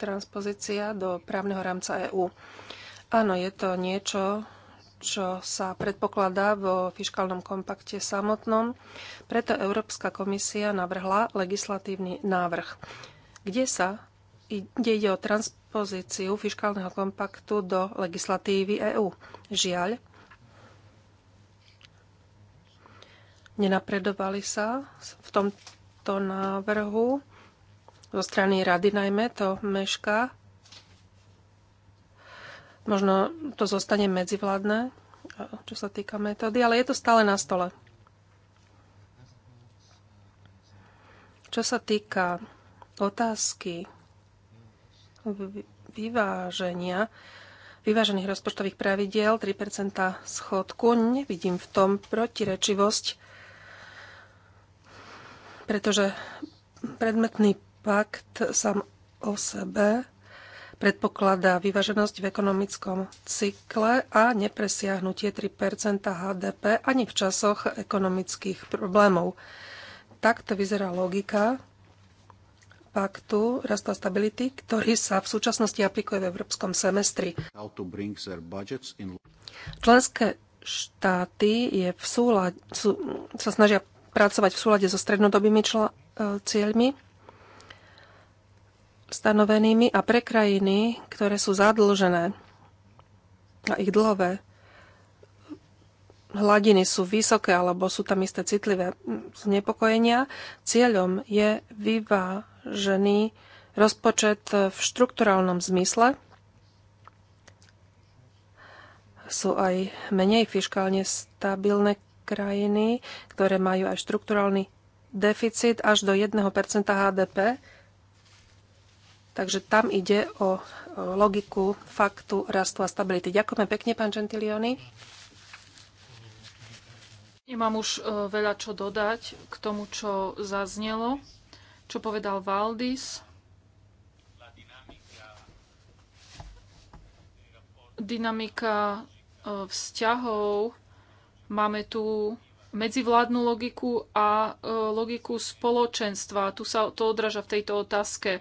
[SPEAKER 1] transpozícia do právneho rámca EÚ. Áno, je to niečo, čo sa predpokladá vo fiskálnom kompakte samotnom. Preto Európska komisia navrhla legislatívny návrh, kde sa kde ide o transpozíciu fiskálneho kompaktu do legislatívy EÚ. Žiaľ, nenapredovali sa v tomto návrhu zo strany rady najmä to meška Možno to zostane medzivládne, čo sa týka metódy, ale je to stále na stole. Čo sa týka otázky vyváženia, vyvážených rozpočtových pravidiel, 3% schodku, nevidím v tom protirečivosť, pretože predmetný pakt sám o sebe predpokladá vyvaženosť v ekonomickom cykle a nepresiahnutie 3 HDP ani v časoch ekonomických problémov. Takto vyzerá logika paktu rastu a stability, ktorý sa v súčasnosti aplikuje v európskom semestri. Členské štáty je v súlade, sú, sa snažia pracovať v súlade so strednodobými čl- e, cieľmi stanovenými a pre krajiny, ktoré sú zadlžené a ich dlhové hladiny sú vysoké alebo sú tam isté citlivé znepokojenia. Cieľom je vyvážený rozpočet v štrukturálnom zmysle. Sú aj menej fiskálne stabilné krajiny, ktoré majú aj štrukturálny deficit až do 1 HDP Takže tam ide o logiku faktu rastu a stability. Ďakujeme pekne, pán Gentilioni.
[SPEAKER 2] Nemám už e, veľa čo dodať k tomu, čo zaznelo, čo povedal Valdis. Dynamika e, vzťahov. Máme tu medzivládnu logiku a e, logiku spoločenstva. Tu sa to odraža v tejto otázke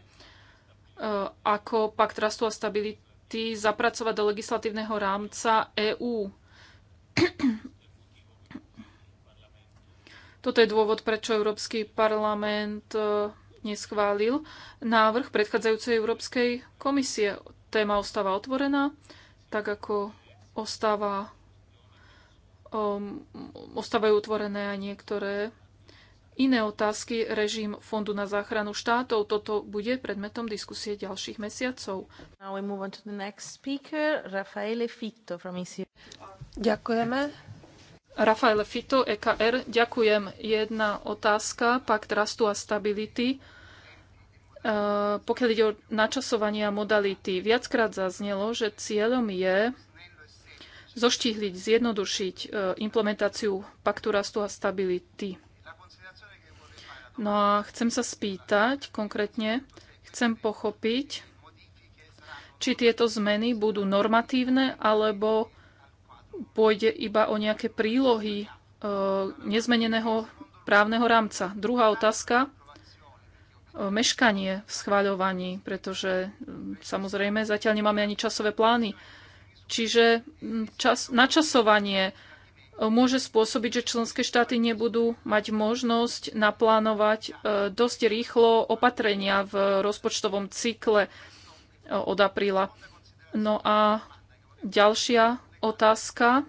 [SPEAKER 2] Eh, ako Pakt rastu a stability zapracovať do legislatívneho rámca EÚ. Toto je dôvod, prečo Európsky parlament eh, neschválil návrh predchádzajúcej Európskej komisie. Téma ostáva otvorená, tak ako ostáva, um, ostávajú otvorené aj niektoré iné otázky, režim Fondu na záchranu štátov. Toto bude predmetom diskusie ďalších mesiacov. E
[SPEAKER 1] Ďakujeme.
[SPEAKER 2] Rafaele Fito, EKR, ďakujem. Jedna otázka, pakt rastu a stability. E, pokiaľ ide o načasovanie a modality, viackrát zaznelo, že cieľom je zoštihliť, zjednodušiť e, implementáciu paktu rastu a stability No a chcem sa spýtať konkrétne, chcem pochopiť, či tieto zmeny budú normatívne, alebo pôjde iba o nejaké prílohy e, nezmeneného právneho rámca. Druhá otázka, e, meškanie v schváľovaní, pretože e, samozrejme zatiaľ nemáme ani časové plány. Čiže čas, načasovanie, E, môže spôsobiť, že členské štáty nebudú mať možnosť naplánovať e, dosť rýchlo opatrenia v rozpočtovom cykle e, od apríla. No a ďalšia otázka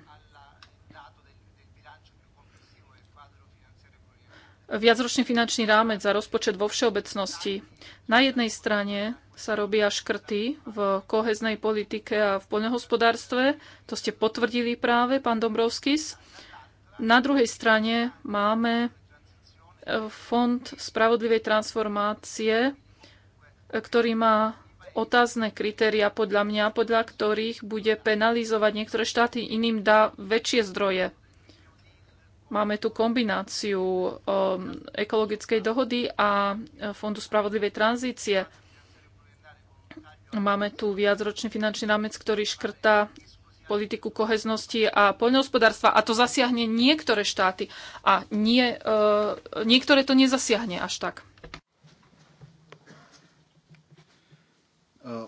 [SPEAKER 2] viacročný finančný rámec a rozpočet vo všeobecnosti. Na jednej strane sa robia škrty v koheznej politike a v poľnohospodárstve. To ste potvrdili práve, pán Dombrovskis. Na druhej strane máme e, Fond spravodlivej transformácie, e, ktorý má otázne kritéria podľa mňa, podľa ktorých bude penalizovať niektoré štáty, iným dá väčšie zdroje. Máme tu kombináciu um, ekologickej dohody a e, Fondu spravodlivej tranzície. Máme tu viacročný finančný rámec, ktorý škrta politiku koheznosti a poľnohospodárstva a to zasiahne niektoré štáty a nie, uh, niektoré to nezasiahne až tak.
[SPEAKER 4] E.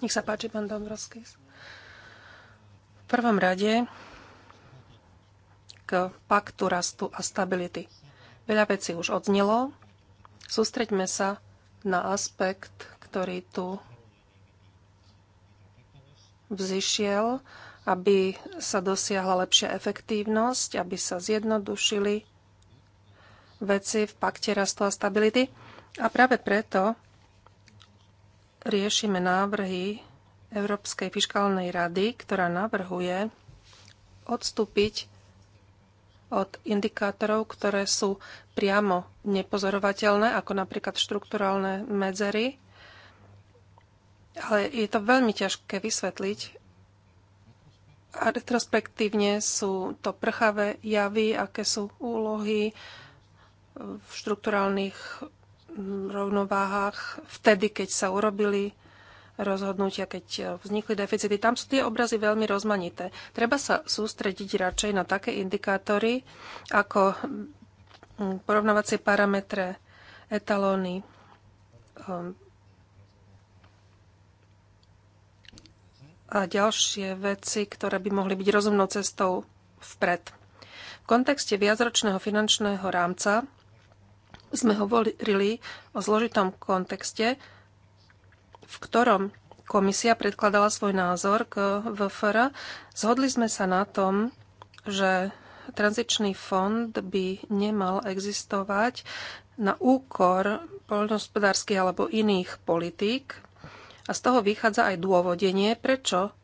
[SPEAKER 1] Nech sa páči, pán Dombrovský. V prvom rade k paktu rastu a stability. Veľa vecí už odznelo. Sústreďme sa na aspekt, ktorý tu vzýšiel, aby sa dosiahla lepšia efektívnosť, aby sa zjednodušili veci v pakte rastu a stability. A práve preto riešime návrhy Európskej fiskálnej rady, ktorá navrhuje odstúpiť od indikátorov, ktoré sú priamo nepozorovateľné, ako napríklad štrukturálne medzery. Ale je to veľmi ťažké vysvetliť. A retrospektívne sú to prchavé javy, aké sú úlohy v štrukturálnych rovnováhách vtedy, keď sa urobili rozhodnutia, keď e, vznikli deficity. Tam sú tie obrazy veľmi rozmanité. Treba sa sústrediť radšej na také indikátory ako mm, porovnávacie parametre, etalóny, um, a ďalšie veci, ktoré by mohli byť rozumnou cestou vpred. V kontexte viacročného finančného rámca sme hovorili o zložitom kontexte, v ktorom komisia predkladala svoj názor k VFR, zhodli sme sa na tom, že tranzičný fond by nemal existovať na úkor poľnohospodárskych alebo iných politík. A z toho vychádza aj dôvodenie, prečo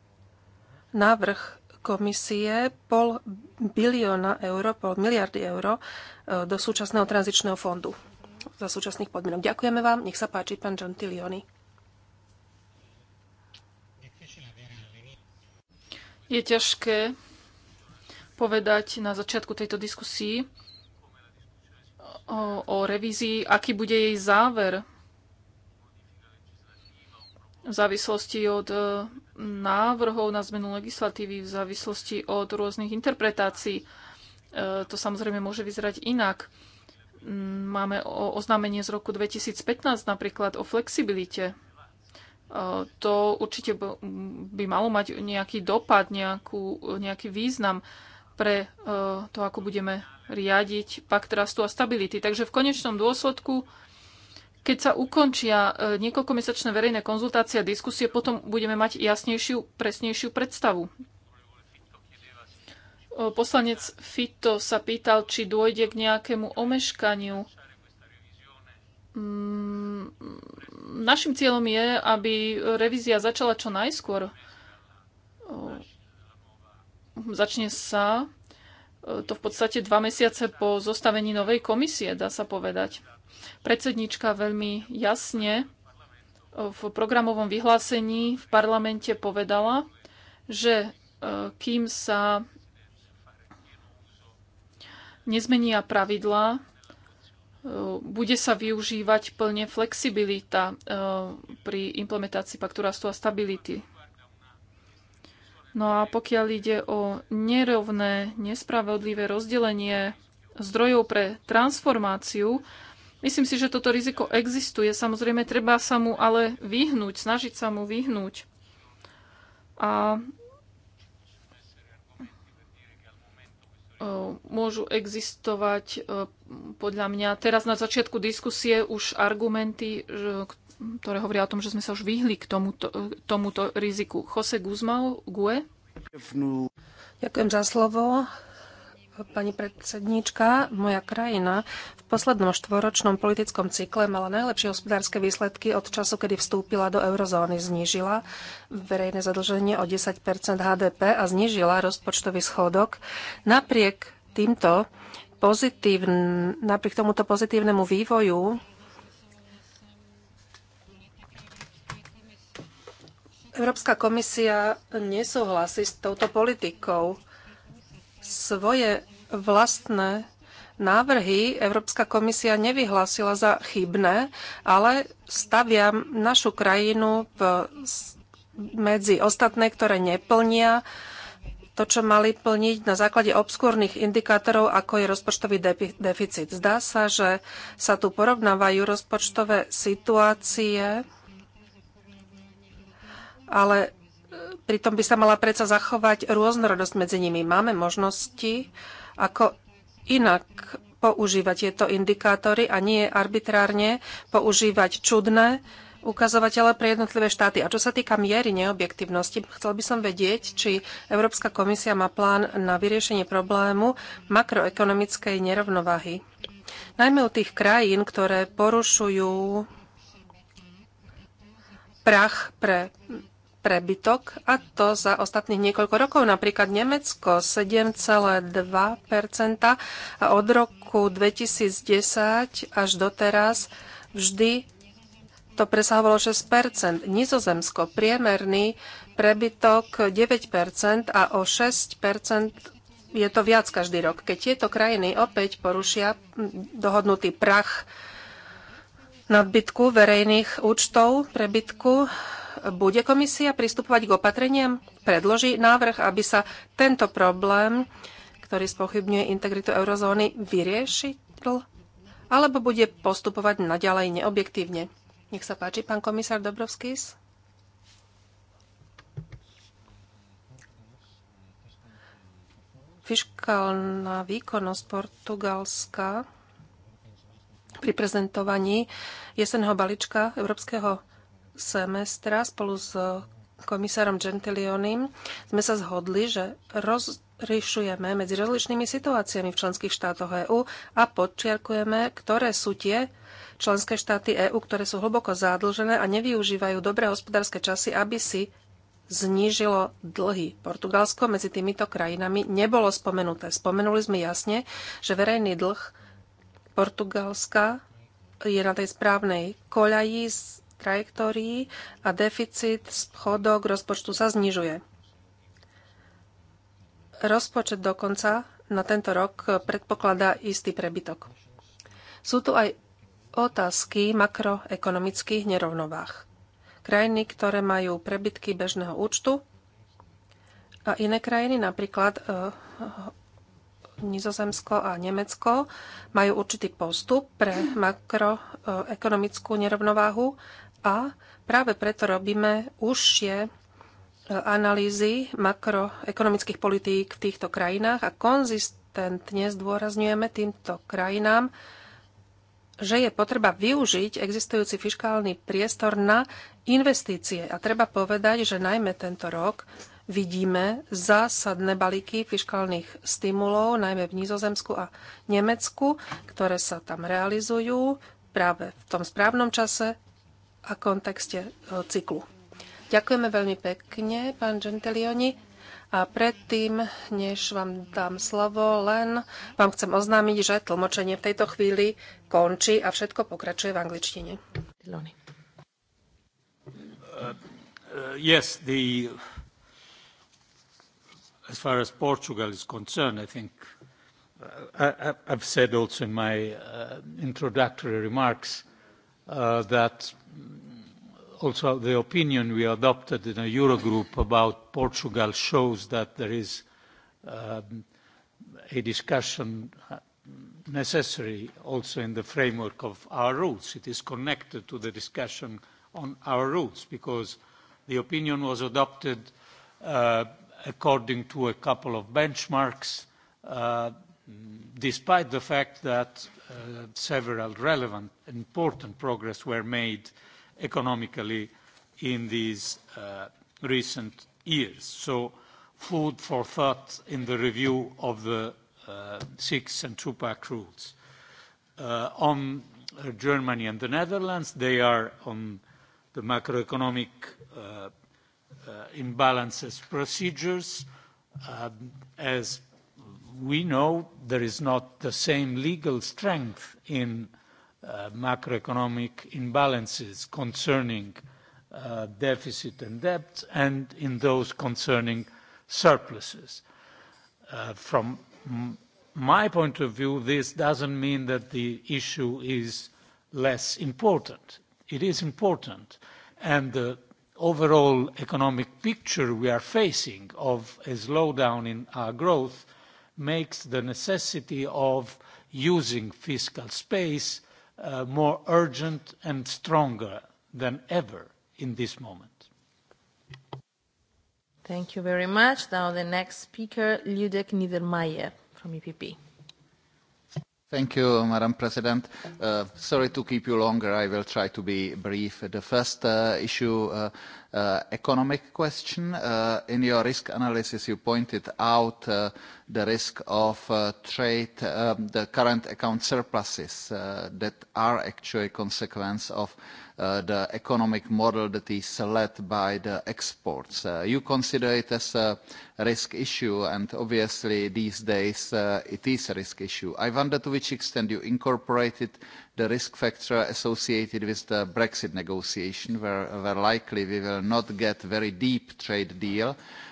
[SPEAKER 1] návrh komisie pol bilióna eur, pol miliardy eur e, do súčasného tranzičného fondu za súčasných podmienok. Ďakujeme vám, nech sa páči, pán Gentilioni.
[SPEAKER 2] Je ťažké povedať na začiatku tejto diskusii o, o revízii, aký bude jej záver v závislosti od e, návrhov na zmenu legislatívy, v závislosti od rôznych interpretácií. E, to samozrejme môže vyzerať inak. Máme oznámenie z roku 2015 napríklad o flexibilite to určite by malo mať nejaký dopad, nejakú, nejaký význam pre e, to, ako budeme riadiť pakt rastu a stability. Takže v konečnom dôsledku, keď sa ukončia e, niekoľkomesačné verejné konzultácie a diskusie, potom budeme mať jasnejšiu, presnejšiu predstavu. E, poslanec Fito sa pýtal, či dôjde k nejakému omeškaniu mm, našim cieľom je, aby revízia začala čo najskôr. Začne sa e, to v podstate dva mesiace po zostavení novej komisie, dá sa povedať. Predsednička veľmi jasne e, v programovom vyhlásení v parlamente povedala, že e, kým sa nezmenia pravidlá, bude sa využívať plne flexibilita eh, pri implementácii paktu rastu a stability. No a pokiaľ ide o nerovné, nespravodlivé rozdelenie zdrojov pre transformáciu, myslím si, že toto riziko existuje. Samozrejme, treba sa mu ale vyhnúť, snažiť sa mu vyhnúť. A Eh, môžu existovať eh, podľa mňa teraz na začiatku diskusie už argumenty, eh, ktoré hovoria o tom, že sme sa už vyhli k tomuto, tomuto riziku. Jose Guzmao, GUE.
[SPEAKER 1] Ďakujem za slovo. Pani predsedníčka, moja krajina v poslednom štvoročnom politickom cykle mala najlepšie hospodárske výsledky od času, kedy vstúpila do eurozóny. Znížila verejné zadlženie o 10 HDP a znížila rozpočtový schodok. Napriek týmto pozitívn, napriek tomuto pozitívnemu vývoju Európska komisia nesúhlasí s touto politikou svoje vlastné návrhy Európska komisia nevyhlásila za chybné, ale stavia našu krajinu v, medzi ostatné, ktoré neplnia to, čo mali plniť na základe obskúrnych indikátorov, ako je rozpočtový deficit. Zdá sa, že sa tu porovnávajú rozpočtové situácie, ale pritom by sa mala predsa zachovať rôznorodosť medzi nimi. Máme možnosti, ako inak používať tieto indikátory a nie arbitrárne používať čudné ukazovatele pre jednotlivé štáty. A čo sa týka miery neobjektivnosti, chcel by som vedieť, či Európska komisia má plán na vyriešenie problému makroekonomickej nerovnováhy. Najmä u tých krajín, ktoré porušujú prach pre prebytok a to za ostatných niekoľko rokov. Napríklad Nemecko 7,2% a od roku 2010 až doteraz vždy to presahovalo 6 Nizozemsko priemerný prebytok 9 a o 6 je to viac každý rok. Keď tieto krajiny opäť porušia dohodnutý prach nadbytku verejných účtov prebytku, bude komisia pristupovať k opatreniam? Predloží návrh, aby sa tento problém, ktorý spochybňuje integritu eurozóny, vyriešil? Alebo bude postupovať naďalej neobjektívne? Nech sa páči, pán komisár Dobrovskis. Fiškálna výkonnosť Portugalska pri prezentovaní jesenného balíčka Európskeho semestra spolu s komisárom Gentilionim sme sa zhodli, že rozrišujeme medzi rozličnými situáciami v členských štátoch EÚ a podčiarkujeme, ktoré sú tie členské štáty EÚ, ktoré sú hlboko zadlžené a nevyužívajú dobré hospodárske časy, aby si znížilo dlhy. Portugalsko medzi týmito krajinami nebolo spomenuté. Spomenuli sme jasne, že verejný dlh Portugalska je na tej správnej koľaji trajektórií a deficit schodok rozpočtu sa znižuje. Rozpočet dokonca na tento rok predpokladá istý prebytok. Sú tu aj otázky makroekonomických nerovnovách. Krajiny, ktoré majú prebytky bežného účtu a iné krajiny, napríklad eh, Nizozemsko a Nemecko majú určitý postup pre makroekonomickú nerovnováhu a práve preto robíme užšie e, analýzy makroekonomických politík v týchto krajinách a konzistentne zdôrazňujeme týmto krajinám, že je potreba využiť existujúci fiskálny priestor na investície. A treba povedať, že najmä tento rok vidíme zásadné balíky fiskálnych stimulov, najmä v Nizozemsku a Nemecku, ktoré sa tam realizujú práve v tom správnom čase a kontexte e, cyklu. Ďakujeme veľmi pekne, pán Gentilioni. A predtým, než vám dám slovo, len vám chcem oznámiť, že tlmočenie v tejto chvíli končí a všetko pokračuje v angličtine.
[SPEAKER 5] Uh, uh,
[SPEAKER 6] yes, the, as far as Portugal is concerned, I think uh, I, I've said also in my uh, introductory remarks uh, uh, that also the opinion we adopted in a Eurogroup about Portugal shows that there is um, a discussion necessary also in the framework of our rules. It is connected to the discussion on our rules because the opinion was adopted uh, according to a couple of benchmarks uh, despite the fact that uh, several relevant and important progress were made economically in these uh, recent years. So food for thought in the review of the uh, six and two-pack rules. Uh, on uh, Germany and the Netherlands, they are on the macroeconomic uh, uh, imbalances procedures. Um, as we know there is not the same legal strength in uh, macroeconomic imbalances concerning uh, deficit and debt and in those concerning surpluses. Uh, from my point of view, this doesn't mean that the issue is less important. It is important. And the overall economic picture we are facing of a slowdown in our growth – makes the necessity of using fiscal space uh, more urgent and stronger than ever in this moment.
[SPEAKER 5] Thank you very much. Now the next speaker, Ludek Niedermayer from EPP.
[SPEAKER 7] Thank you, Madam President. Uh, sorry to keep you longer. I will try to be brief. The first uh, issue uh, uh, economic question. Uh, in your risk analysis, you pointed out uh, the risk of uh, trade, um, the current account surpluses uh, that are actually a consequence of uh, the economic model that is led by the exports. Uh, you consider it as a risk issue, and obviously these days uh, it is a risk issue. I wonder to which extent you incorporated the risk factor associated with the Brexit negotiation, where, where likely we will not get a very deep trade deal,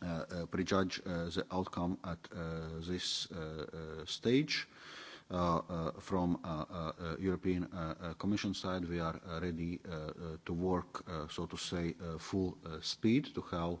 [SPEAKER 4] uh, prejudge uh, the outcome at uh, this uh, uh, stage. Uh, uh, from uh, uh, European uh, uh, Commission side, we are ready uh, uh, to work, uh, so to say, uh, full uh, speed to help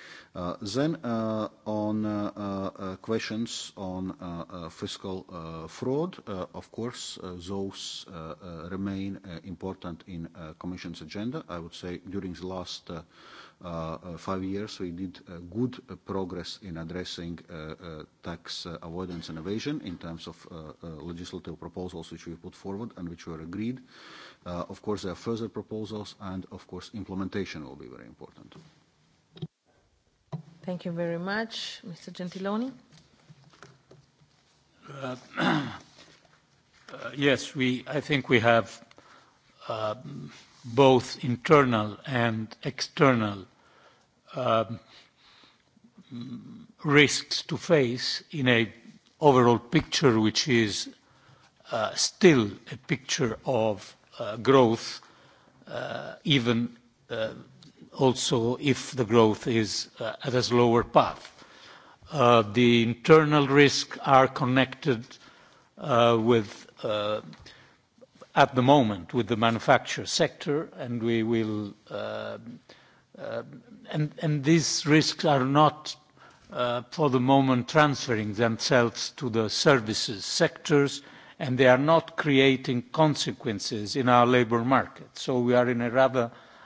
[SPEAKER 4] Uh, then uh, on uh, uh, questions on uh, uh, fiscal uh, fraud, uh, of course, uh, those uh, uh, remain uh, important in uh, Commission's agenda. I would say during the last uh, uh, uh five years we did uh, good uh, progress in addressing uh, uh, tax uh, avoidance and evasion in terms of uh, uh, legislative proposals which we put forward and which were agreed. Uh, of course, there are further proposals and, of course, implementation will be very important.
[SPEAKER 5] Thank you very much. Mr. Gentiloni?
[SPEAKER 6] Uh, uh, yes, we, I think we have uh, both internal and external um, risks to face in a overall picture which is uh, still a picture of uh, growth uh, even uh, also if the growth is uh, at a slower path. Uh, the internal risks are connected uh, with, uh, at the moment, with the manufacture sector, and we will, uh, uh, and, and these risks are not uh, for the moment transferring themselves to the services sectors, and they are not creating consequences in our labour market. So we are in a rather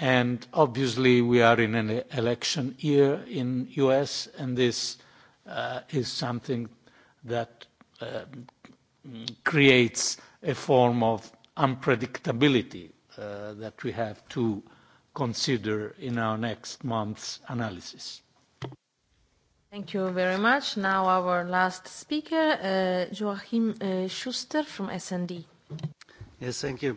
[SPEAKER 6] and obviously we are in an election year in U.S., and this uh, is something that uh, creates a form of unpredictability uh, that we have to consider in our next month's
[SPEAKER 5] analysis. Thank you very much. Now our last speaker, uh, Joachim uh, Schuster from SND.
[SPEAKER 8] Yes, thank you.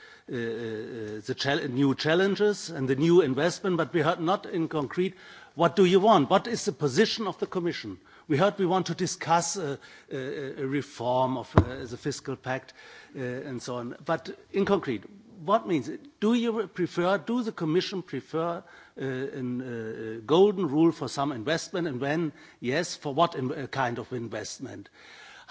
[SPEAKER 8] Uh, uh, the chal new challenges and the new investment, but we heard not in concrete what do you want? What is the position of the Commission? We heard we want to discuss a, reform of uh, the fiscal pact uh, and so on. But in concrete, what means it? Do you prefer, do the Commission prefer uh, a uh, golden rule for some investment and when, yes, for what in, kind of investment?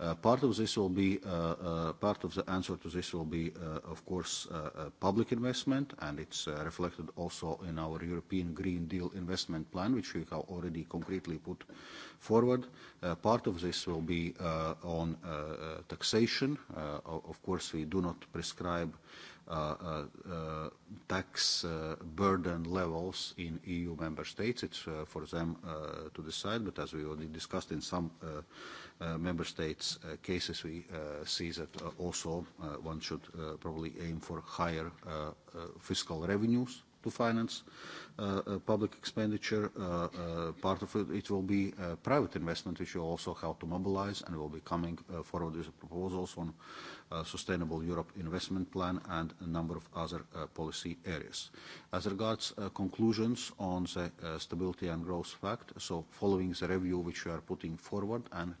[SPEAKER 4] Uh, part of this will be uh, uh, part of the answer to this will be, uh, of course, uh, uh, public investment, and it's uh, reflected also in our European Green Deal investment plan, which we have already concretely put forward. Uh, part of this will be uh, on uh, uh taxation. Uh, of course, we do not prescribe uh, uh, uh, tax uh, burden levels in EU member states. It's uh, for them uh, to decide, but as we already discussed in some uh, uh, member states' uh, cases, we uh, see that uh, also uh, one should uh, probably aim for higher uh, uh, fiscal revenues to finance uh, uh, public expenditure. Uh, uh, part of it, it will be uh, private investment, which will also help to mobilize and will be coming uh, forward with proposals on uh, sustainable Europe investment plan and a number of other uh, policy areas. As regards uh, conclusions on the uh, stability and growth fact, so following the review which we are putting forward and uh,